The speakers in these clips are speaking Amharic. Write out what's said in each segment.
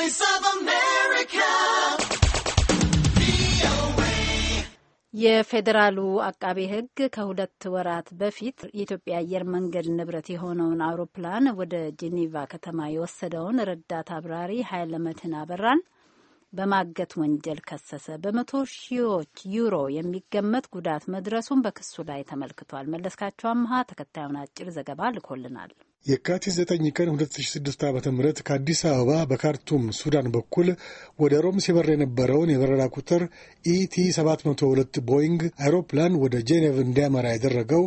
Voice of America. የፌዴራሉ አቃቤ ሕግ ከሁለት ወራት በፊት የኢትዮጵያ አየር መንገድ ንብረት የሆነውን አውሮፕላን ወደ ጄኔቫ ከተማ የወሰደውን ረዳት አብራሪ ኃይለመድህን አበራን በማገት ወንጀል ከሰሰ። በመቶ ሺዎች ዩሮ የሚገመት ጉዳት መድረሱን በክሱ ላይ ተመልክቷል። መለስካቸው አምሃ ተከታዩን አጭር ዘገባ ልኮልናል። የካቲት 9 ቀን 2006 ዓ ም ከአዲስ አበባ በካርቱም ሱዳን በኩል ወደ ሮም ሲበር የነበረውን የበረራ ቁጥር ኢቲ 702 ቦይንግ አይሮፕላን ወደ ጄኔቭ እንዲያመራ ያደረገው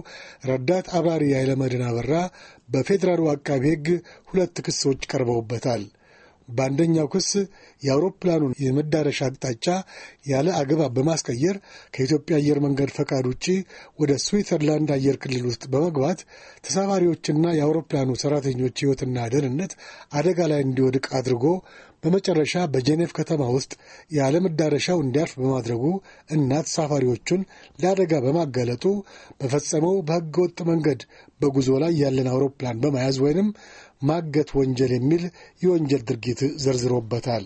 ረዳት አብራሪ ኃይለመድን አበራ በፌዴራሉ አቃቢ ሕግ ሁለት ክሶች ቀርበውበታል። በአንደኛው ክስ የአውሮፕላኑን የመዳረሻ አቅጣጫ ያለ አግባብ በማስቀየር ከኢትዮጵያ አየር መንገድ ፈቃድ ውጪ ወደ ስዊትዘርላንድ አየር ክልል ውስጥ በመግባት ተሳፋሪዎችና የአውሮፕላኑ ሰራተኞች ሕይወትና ደህንነት አደጋ ላይ እንዲወድቅ አድርጎ በመጨረሻ በጄኔቭ ከተማ ውስጥ ያለ መዳረሻው እንዲያርፍ በማድረጉ እና ተሳፋሪዎቹን ለአደጋ በማጋለጡ በፈጸመው በሕገ ወጥ መንገድ በጉዞ ላይ ያለን አውሮፕላን በመያዝ ወይንም ማገት ወንጀል የሚል የወንጀል ድርጊት ዘርዝሮበታል።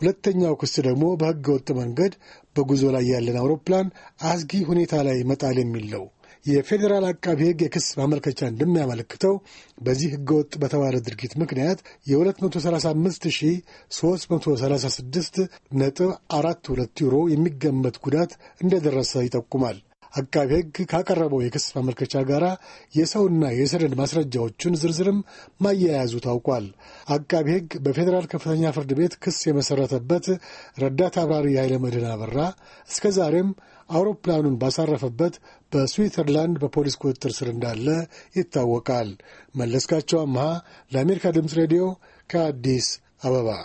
ሁለተኛው ክስ ደግሞ በሕገ ወጥ መንገድ በጉዞ ላይ ያለን አውሮፕላን አስጊ ሁኔታ ላይ መጣል የሚል ነው። የፌዴራል አቃቢ ሕግ የክስ ማመልከቻ እንደሚያመለክተው በዚህ ወጥ በተባለ ድርጊት ምክንያት የ235336 ነጥብ 42 ዩሮ የሚገመት ጉዳት እንደደረሰ ይጠቁማል። አቃቤ ሕግ ካቀረበው የክስ ማመልከቻ ጋር የሰውና የሰነድ ማስረጃዎቹን ዝርዝርም ማያያዙ ታውቋል። አቃቤ ሕግ በፌዴራል ከፍተኛ ፍርድ ቤት ክስ የመሠረተበት ረዳት አብራሪ ኃይለመድህን አበራ እስከ ዛሬም አውሮፕላኑን ባሳረፈበት በስዊትዘርላንድ በፖሊስ ቁጥጥር ስር እንዳለ ይታወቃል። መለስካቸው አምሃ ለአሜሪካ ድምፅ ሬዲዮ ከአዲስ አበባ